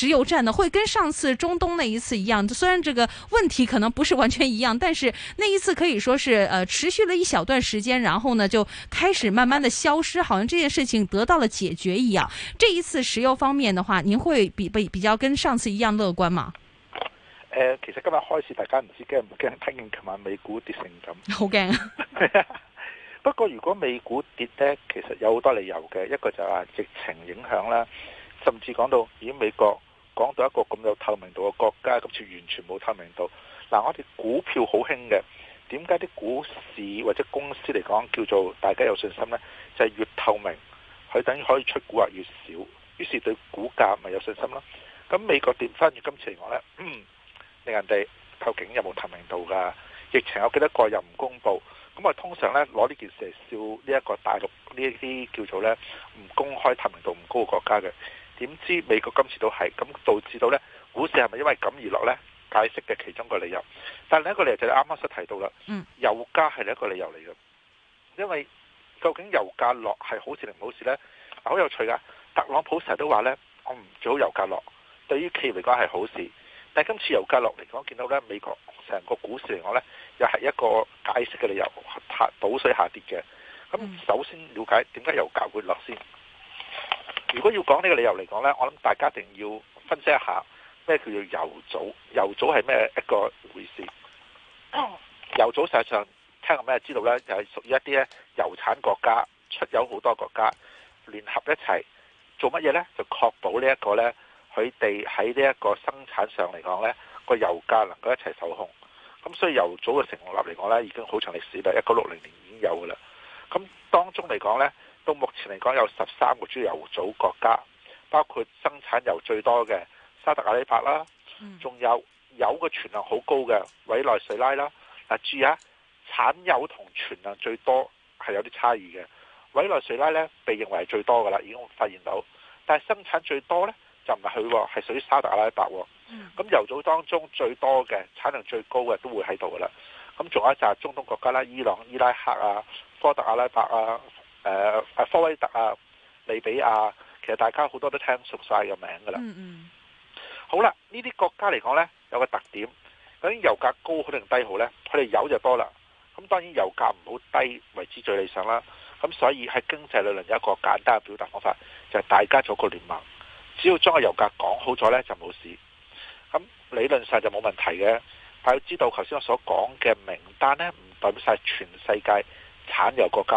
石油戰呢會跟上次中東那一次一樣，雖然這個問題可能不是完全一樣，但是那一次可以說是呃持續了一小段時間，然後呢就開始慢慢的消失，好像這件事情得到了解決一樣。這一次石油方面的話，您會比比比較跟上次一樣樂觀嗎？呃，其實今日開始大家唔知驚唔驚，聽見琴晚美股跌成咁，好驚啊。 不過如果美股跌呢，其實有好多理由嘅，一個就係話疫情影響啦，甚至講到已經美國。講到一個咁有透明度嘅國家，咁似完全冇透明度。嗱、啊，我哋股票好興嘅，點解啲股市或者公司嚟講叫做大家有信心呢？就係、是、越透明，佢等於可以出股額越少，於是對股價咪有信心咯。咁、啊、美國跌翻嚟今次嚟講呢，令、嗯、人哋究竟有冇透明度噶？疫情有幾多個又唔公佈，咁啊通常呢，攞呢件事嚟笑呢一、這個大陸呢一啲叫做呢唔公開透明度唔高嘅國家嘅。點知美國今次都係，咁導致到呢股市係咪因為咁而落呢？解釋嘅其中一個理由。但另一個理由就係啱啱所提到啦、嗯，油價係另一個理由嚟嘅。因為究竟油價落係好事定唔好事呢？好有趣噶。特朗普成日都話呢，我唔做好油價落，對於企業嚟講係好事。但係今次油價落嚟講，見到呢美國成個股市嚟講呢，又係一個解釋嘅理由下倒水下跌嘅。咁首先了解點解油價會落先。如果要講呢個理由嚟講呢，我諗大家一定要分析一下咩叫做油組？油組係咩一個回事？油組實際上聽過咩知道咧？就係屬於一啲咧油產國家，出有好多國家聯合一齊做乜嘢呢，就確保呢一個呢，佢哋喺呢一個生產上嚟講呢個油價能夠一齊受控。咁所以油組嘅成立嚟講呢，已經好長歷史啦，一九六零年已經有噶啦。咁當中嚟講呢。到目前嚟講，有十三個主要油組國家，包括生產油最多嘅沙特阿拉伯啦，仲有油嘅存量好高嘅委內瑞拉啦。嗱，注意下啊，產油同存量最多係有啲差異嘅。委內瑞拉呢，被認為係最多噶啦，已經發現到，但係生產最多呢，就唔係佢，係屬於沙特阿拉伯。咁油組當中最多嘅產量最高嘅都會喺度噶啦。咁仲有一紮中東國家啦，伊朗、伊拉克啊、科特阿拉伯啊。誒、呃、科威特啊，利比亞，其實大家好多都聽熟晒個名噶啦，嗯嗯。好啦，呢啲國家嚟講呢，有個特點，究竟油價高好定低好呢？佢哋油就多啦。咁當然油價唔好低，為之最理想啦。咁所以喺經濟理論有一個簡單嘅表達方法，就係、是、大家做個聯盟，只要將個油價講好咗呢，就冇事。咁理論上就冇問題嘅，但係要知道，頭先我所講嘅名單呢，唔代表晒全世界產油國家。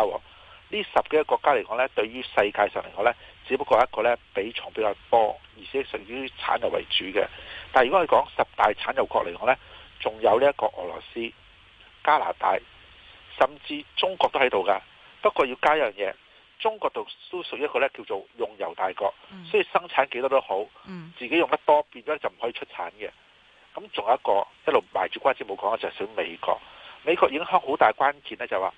呢十幾個國家嚟講呢，對於世界上嚟講呢，只不過一個呢，比重比較多，而且屬於產油為主嘅。但係如果你講十大產油國嚟講呢，仲有呢一個俄羅斯、加拿大，甚至中國都喺度噶。不過要加一樣嘢，中國度都屬於一個呢叫做用油大國，所以生產幾多都好，自己用得多變咗就唔可以出產嘅。咁仲有一個一路埋住關節冇講嘅就係美國，美國影響好大關鍵呢，就係話。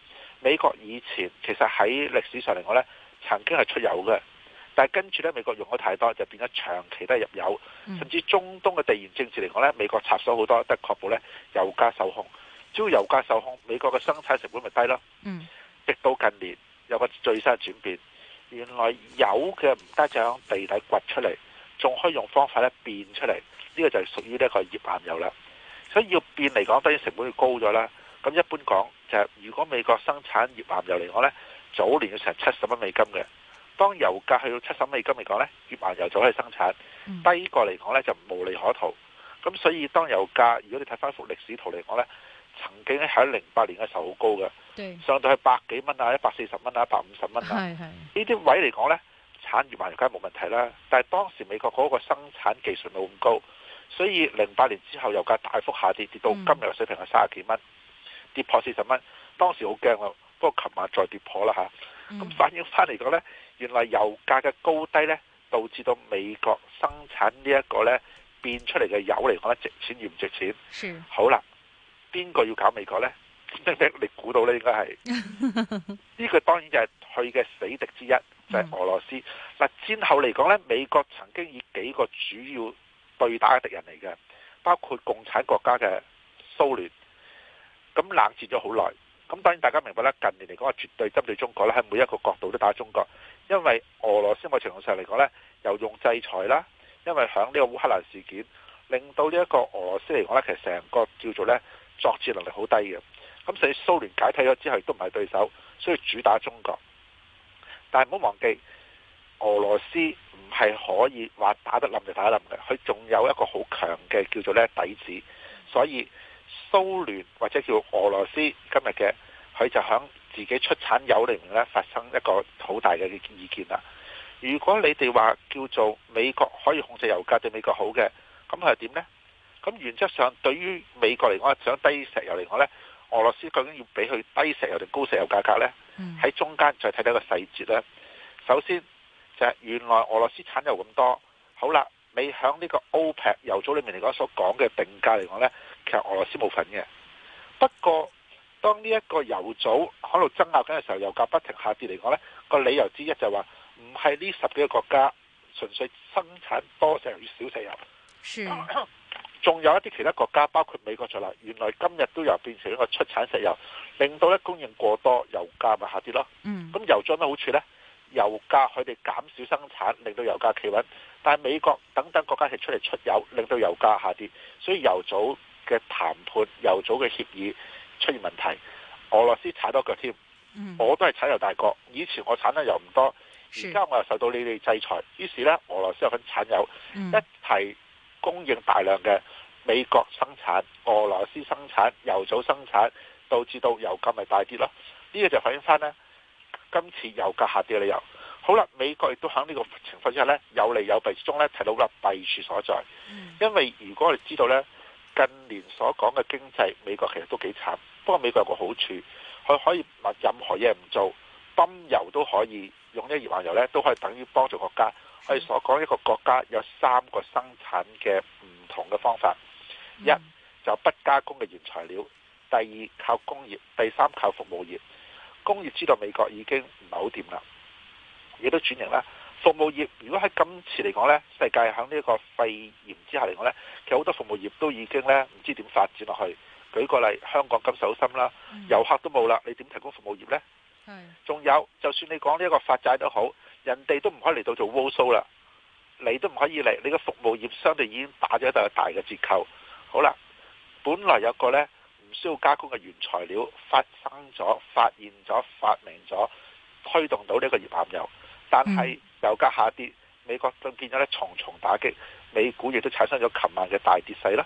美國以前其實喺歷史上嚟講呢，曾經係出油嘅，但係跟住呢，美國用咗太多，就變咗長期都係入油、嗯，甚至中東嘅地緣政治嚟講呢，美國插手好多，得確保呢油價受控。只要油價受控，美國嘅生產成本咪低咯、嗯。直到近年有個最新嘅轉變，原來油嘅唔單隻響地底掘出嚟，仲可以用方法呢變出嚟。呢、呢個就係屬於呢一個頁岩油啦。所以要變嚟講，當然成本要高咗啦。咁一般講。就係、是、如果美國生產頁岩油嚟講呢，早年要成七十蚊美金嘅，當油價去到七十美金嚟講呢，頁岩油就可以生產。低過嚟講呢，就無利可圖。咁所以當油價如果你睇翻幅歷史圖嚟講呢，曾經喺零八年嘅時候好高嘅，上到去百幾蚊啊、一百四十蚊啊、一百五十蚊啊。呢啲位嚟講呢，產頁岩油梗係冇問題啦。但係當時美國嗰個生產技術冇咁高，所以零八年之後油價大幅下跌，跌到今日嘅水平係三十幾蚊。跌破四十蚊，當時好驚咯。不過琴晚再跌破啦嚇，咁、嗯、反映翻嚟講呢，原來油價嘅高低呢，導致到美國生產呢一個呢變出嚟嘅油嚟講，值錢與唔值錢？好啦，邊個要搞美國呢？你估到呢應該係呢 個當然就係佢嘅死敵之一，就係、是、俄羅斯。嗱、嗯，戰後嚟講呢，美國曾經以幾個主要對打嘅敵人嚟嘅，包括共產國家嘅蘇聯。咁冷戰咗好耐，咁當然大家明白啦。近年嚟講啊，絕對針對中國咧，喺每一個角度都打中國，因為俄羅斯某程度上嚟講呢又用制裁啦，因為響呢個烏克蘭事件，令到呢一個俄羅斯嚟講呢其實成個叫做呢作戰能力好低嘅，咁所以蘇聯解體咗之後都唔係對手，所以主打中國。但係唔好忘記，俄羅斯唔係可以話打得冧就打得冧嘅，佢仲有一個好強嘅叫做呢底子，所以。蘇聯或者叫俄羅斯今日嘅，佢就響自己出產油裏面咧發生一個好大嘅意見啦。如果你哋話叫做美國可以控制油價對美國好嘅，咁佢係點呢？咁原則上對於美國嚟講，想低石油嚟講呢，俄羅斯究竟要俾佢低石油定高石油價格呢？喺、嗯、中間再睇睇個細節呢。首先就係原來俄羅斯產油咁多，好啦，你響呢個 OPEC 油組裏面嚟講所講嘅定價嚟講呢。其實俄羅斯冇份嘅，不過當呢一個油組喺度爭拗緊嘅時候，油價不停下跌嚟講，呢個理由之一就話唔係呢十幾個國家純粹生產多石油少石油，仲有一啲其他國家，包括美國在內，原來今日都有變成一個出產石油，令到呢供應過多，油價咪下跌咯。咁、嗯、油組有乜好處呢？油價佢哋減少生產，令到油價企穩，但係美國等等國家係出嚟出油，令到油價下跌，所以油組。嘅談判油組嘅協議出現問題，俄羅斯踩多腳添、嗯，我都係產油大國，以前我產得油唔多，而家我又受到你哋制裁，於是呢，俄羅斯有份產油，嗯、一齊供應大量嘅美國生產、俄羅斯生產、油組生產，導致到油價咪大跌咯，呢、呢個就反映翻呢，今次油價下跌嘅理由。好啦，美國亦都喺呢個情況之下呢，有利有弊之中呢，睇到個弊處所在、嗯，因為如果你知道呢。近年所講嘅經濟，美國其實都幾慘。不過美國有個好處，佢可以乜任何嘢唔做，泵油都可以用一啲液油呢都可以等於幫助國家。我哋所講一個國家有三個生產嘅唔同嘅方法，嗯、一就不加工嘅原材料，第二靠工業，第三靠服務業。工業知道美國已經唔係好掂啦，亦都轉型啦。服務業如果喺今次嚟講呢，世界喺呢一個肺炎之下嚟講呢，其實好多服務業都已經呢唔知點發展落去。舉個例，香港金融中心啦，遊客都冇啦，你點提供服務業呢？係。仲有，就算你講呢一個發債都好，人哋都唔可以嚟到做 roadshow 啦，嚟都唔可以嚟。你個服務業相對已經打咗一個大嘅折扣。好啦，本來有一個呢唔需要加工嘅原材料，發生咗、發現咗、發明咗，推動到呢一個頁岩油，但係，嗯油價下跌，美國就變咗咧重重打擊，美股亦都產生咗琴晚嘅大跌勢啦。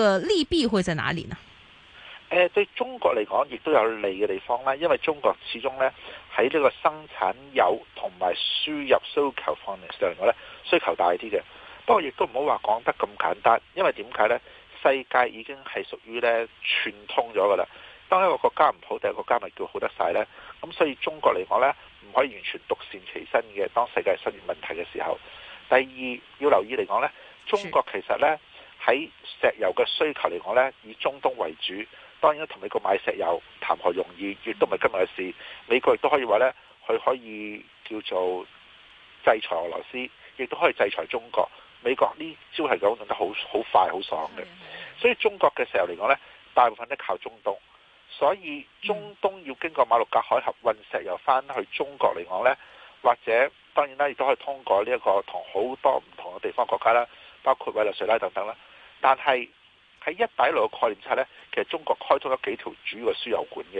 這個利弊會在哪裡呢？誒，對中國嚟講，亦都有利嘅地方咧，因為中國始終咧喺呢個生產油同埋輸入需求方面上嚟講呢，需求大啲嘅。但也不過亦都唔好話講得咁簡單，因為點解呢？世界已經係屬於咧串通咗噶啦。當一個國家唔好，第二個國家咪叫好得晒呢。咁所以中國嚟講呢唔可以完全獨善其身嘅。當世界出現問題嘅時候，第二要留意嚟講呢中國其實呢。喺石油嘅需求嚟講咧，以中東為主。當然啦，同美國買石油談何容易？亦都唔係今日嘅事。嗯、美國亦都可以話咧，佢可以叫做制裁俄羅斯，亦都可以制裁中國，美國呢招係講得好好快好爽嘅。所以中國嘅石油嚟講咧，大部分都靠中東，所以中東要經過馬六甲海峽運石油翻去中國嚟講咧，或者當然啦，亦都可以通過呢、這、一個同好多唔同嘅地方國家啦，包括委內瑞拉等等啦。但係喺一帶一路嘅概念之下呢，其實中國開通咗幾條主要嘅輸油管嘅，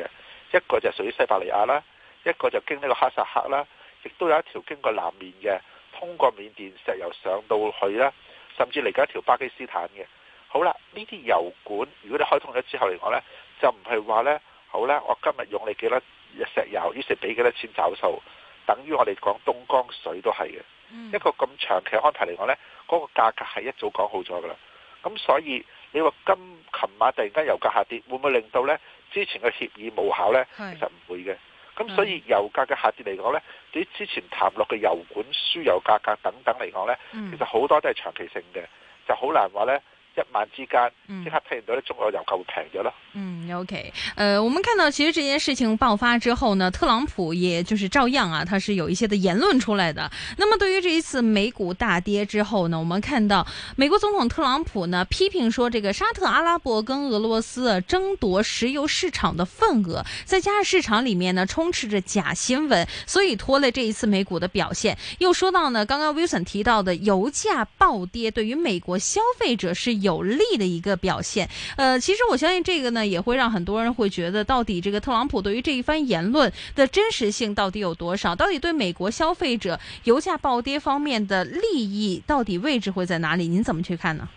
一個就係屬於西伯利亞啦，一個就經呢個哈薩克啦，亦都有一條經過南面嘅，通過緬甸石油上到去啦，甚至嚟緊一條巴基斯坦嘅。好啦，呢啲油管如果你開通咗之後嚟講呢，就唔係話呢。好啦，我今日用你幾多石油，於是俾幾多錢找數，等於我哋講東江水都係嘅、嗯。一個咁長期安排嚟講呢，嗰、嗰個價格係一早講好咗㗎啦。咁所以你話今琴晚突然間油價下跌，會唔會令到呢之前嘅協議無效呢？其實唔會嘅。咁所以油價嘅下跌嚟講呢，對於之前談落嘅油管輸油價格等等嚟講呢，其實好多都係長期性嘅，就好難話呢。一晚之間，即刻聽唔到啲足又夠平咗啦。嗯、嗯，OK，呃，我們看到其實這件事情爆發之後呢，特朗普也就是照樣啊，他是有一些的言論出來的。那麼對於這一次美股大跌之後呢，我們看到美國總統特朗普呢，批評說這個沙特阿拉伯跟俄羅斯、啊、爭奪石油市場的份額，再加上市場裡面呢充斥着假新聞，所以拖累這一次美股的表現。又說到呢，剛剛 Wilson 提到的油價暴跌，對於美國消費者是。有利的一個表現，呃，其實我相信這個呢，也會讓很多人會覺得，到底這個特朗普對於這一番言論的真實性到底有多少？到底對美國消費者油價暴跌方面的利益到底位置會在哪裏？您怎麼去看呢？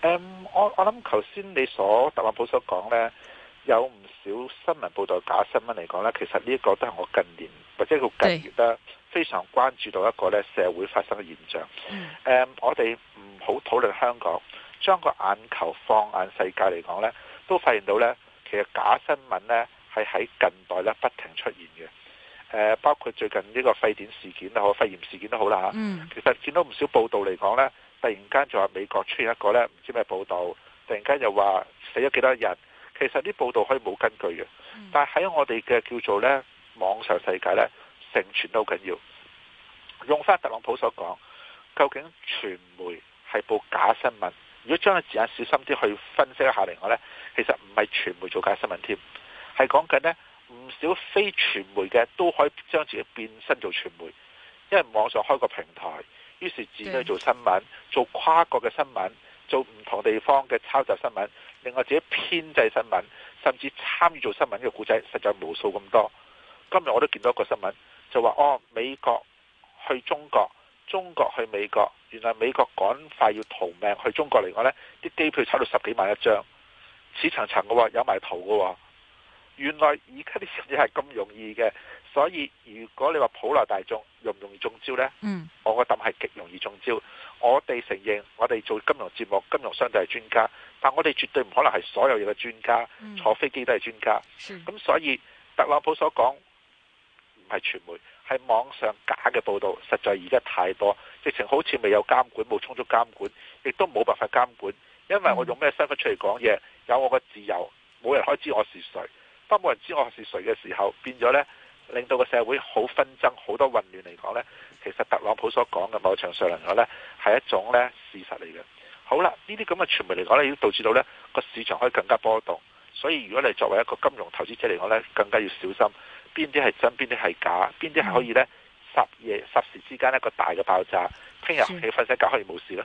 嗯、我我諗頭先你所特朗普所講呢，有唔少新聞報道假新聞嚟講呢，其實呢個都係我近年或者個近年咧非常關注到一個呢社會發生嘅現象。嗯嗯、我哋唔好討論香港。將個眼球放眼世界，嚟講呢，都發現到呢，其實假新聞呢係喺近代呢不停出現嘅、呃。包括最近呢個肺炎事件都好，肺炎事件都好啦、吓嗯、其實見到唔少報道嚟講呢，突然間就話美國出現一個呢唔知咩報道，突然間又話死咗幾多人。其實啲報道可以冇根據嘅，嗯、但係喺我哋嘅叫做呢網上世界呢，成傳都緊要。用翻特朗普所講，究竟傳媒係報假新聞？如果將個字眼小心啲去分析一下嚟我呢，其實唔係傳媒做假新聞添，係講緊呢，唔少非傳媒嘅都可以將自己變身做傳媒，因為網上開個平台，於是自己去做新聞、做跨國嘅新聞、做唔同地方嘅抄襲新聞，另外自己編製新聞，甚至參與做新聞嘅故仔，實在無數咁多。今日我都見到一個新聞，就話哦，美國去中國。中國去美國，原來美國趕快要逃命去中國，嚟講呢啲機票炒到十幾萬一張，似層層嘅喎，有埋圖嘅喎。原來而家啲嘢係咁容易嘅，所以如果你話普羅大眾容唔容易中招呢，嗯，我嘅答案係極容易中招。嗯、我哋承認我哋做金融節目、金融商都係專家，但我哋絕對唔可能係所有嘢嘅專家，嗯。坐飛機都係專家。咁所以特朗普所講唔係傳媒。喺網上假嘅報道，實在而家太多，直情好似未有監管，冇充足監管，亦都冇辦法監管。因為我用咩身份出嚟講嘢，有我個自由，冇人可以知我是誰。當冇人知我是誰嘅時候，變咗呢，令到個社會好紛爭，好多混亂嚟講呢，其實特朗普所講嘅某程度上嚟講呢，係一種呢事實嚟嘅。好啦，呢啲咁嘅傳媒嚟講呢，已經導致到呢個市場可以更加波動。所以如果你作為一個金融投資者嚟講呢，更加要小心。邊啲係真，邊啲係假，邊啲係可以呢？霎夜霎時之間一個大嘅爆炸，聽日你瞓醒覺可以冇事咯。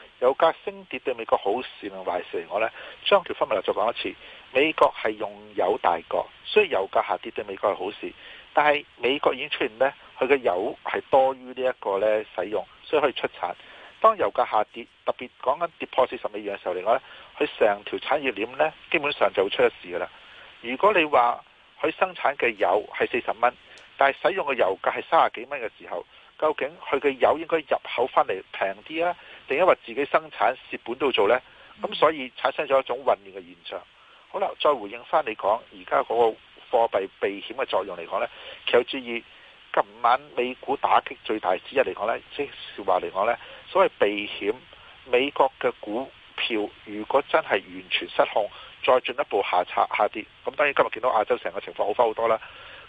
油價升跌對美國好事定壞事嚟講呢，將條分脈嚟再講一次。美國係用油大國，所以油價下跌對美國係好事。但係美國已經出現呢，佢嘅油係多於這呢一個呢使用，所以可以出產。當油價下跌，特別講緊跌破四十美元嘅時候嚟講呢，佢成條產業鏈呢基本上就會出咗事噶啦。如果你話佢生產嘅油係四十蚊，但係使用嘅油價係三十幾蚊嘅時候，究竟佢嘅油應該入口翻嚟平啲啊？定因為自己生產蝕本都做呢？咁所以產生咗一種混亂嘅現象。好啦，再回應翻你講而家嗰個貨幣避險嘅作用嚟講呢，其實要注意，今晚美股打擊最大之一嚟講呢，即係話嚟講呢，所謂避險，美國嘅股票如果真係完全失控，再進一步下挫下跌，咁當然今日見到亞洲成個情況好翻好多啦。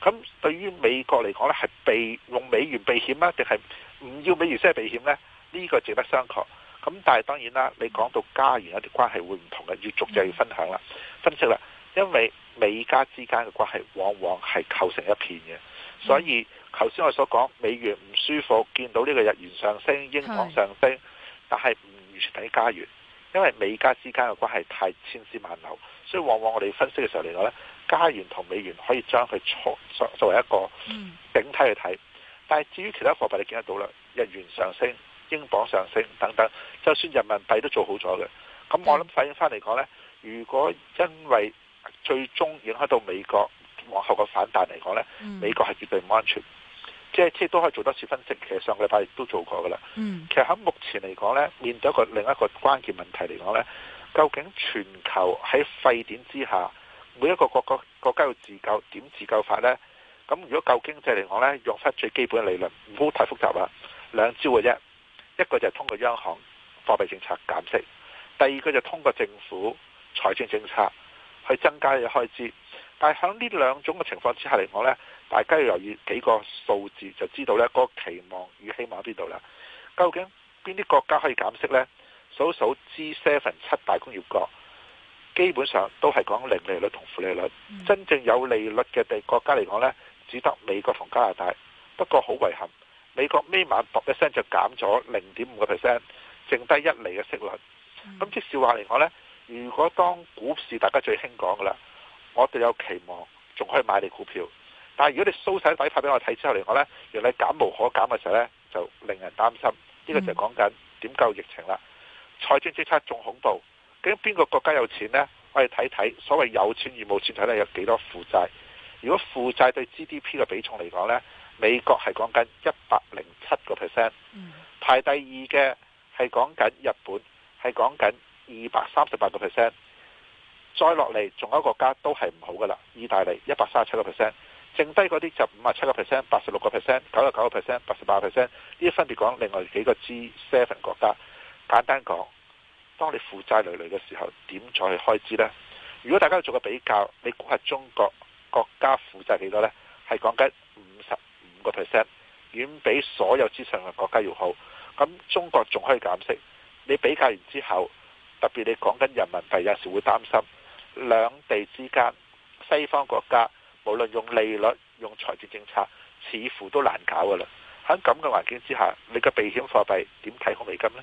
咁對於美國嚟講呢，係避用美元避險啊，定係唔要美元先係避險呢？呢、這個值得商榷。咁但係當然啦，你講到加元有啲關係會唔同嘅，要逐就要分享啦、分析啦。因為美加之間嘅關係往往係構成一片嘅，所以頭先我所講美元唔舒服，見到呢個日元上升、英鎊上升，是但係唔完全等於加元，因為美加之間嘅關係太千絲萬縷，所以往往我哋分析嘅時候嚟講呢，加元同美元可以將佢作作為一個整體去睇。但係至於其他貨幣，你見得到啦，日元上升。英鎊上升等等，就算人民幣都做好咗嘅。咁我諗反映翻嚟講呢，如果因為最終影響到美國往後個反彈嚟講呢，嗯、美國係絕對唔安全。即係，即係都可以做多次分析。其實上個禮拜亦都做過噶啦。嗯、其實喺目前嚟講呢，面對一個另一個關鍵問題嚟講呢，究竟全球喺沸點之下，每一個各個國家要自救點自救法呢？咁如果救經濟嚟講呢，用翻最基本嘅理論，唔好太複雜啦，兩招嘅啫。一個就係通過央行貨幣政策減息，第二個就通過政府財政政策去增加嘅開支。但係響呢兩種嘅情況之下嚟講咧，大家要留意幾個數字，就知道咧個期望與希望喺邊度啦。究竟邊啲國家可以減息咧？數數 G7 七大工業國，基本上都係講零利率同負利率。嗯、真正有利率嘅地國家嚟講咧，只得美國同加拿大。不過好遺憾。美國尾晚噥一聲就減咗零點五個 percent，剩低一厘嘅息率。咁即係話嚟講呢，如果當股市大家最興講嘅啦，我哋有期望仲可以買你股票，但係如果你 s h 底牌俾我睇之後嚟講呢，原你減無可減嘅時候呢，就令人擔心。呢、這個就係講緊點夠疫情啦，財政政策仲恐怖。究竟邊個國家有錢呢？我哋睇睇所謂有錢而冇錢，睇睇有幾多少負債？如果負債對 GDP 嘅比重嚟講呢。美國係講緊一百零七個 percent，排第二嘅係講緊日本，係講緊二百三十八個 percent。再落嚟，仲有一個國家都係唔好噶啦。意大利一百三十七個 percent，剩低嗰啲就五十七個 percent、八十六個 percent、九十九個 percent、八十八個 percent。呢啲分別講另外幾個 G seven 國家。簡單講，當你負債累累嘅時候，點再去開支呢？如果大家做個比較，你估下中國國家負債幾多呢？係講緊五十。個遠比所有資上嘅國家要好，咁中國仲可以減息。你比較完之後，特別你講緊人民幣，有時會擔心兩地之間西方國家無論用利率、用財政政策，似乎都難搞噶啦。喺咁嘅環境之下，你嘅避險貨幣點睇好美金呢？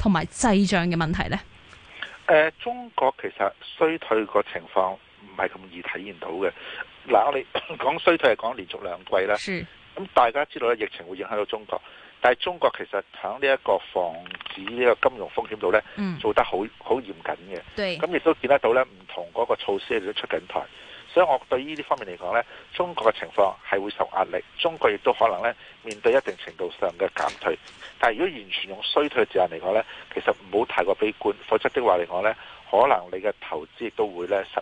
同埋滯脹嘅問題呢，誒、呃，中國其實衰退個情況唔係咁易體現到嘅。嗱，我哋講衰退係講連續兩季啦。咁大家知道咧，疫情會影響到中國，但係中國其實喺呢一個防止呢個金融風險度呢、嗯、做得好好嚴謹嘅。咁亦、嗯、都見得到呢唔同嗰個措施都出緊台。所以我對呢啲方面嚟講呢，中國嘅情況係會受壓力，中國亦都可能呢面對一定程度上嘅減退。但係如果完全用衰退嘅字眼嚟講呢，其實唔好太過悲觀，否則的話嚟講呢可能你嘅投資亦都會呢失。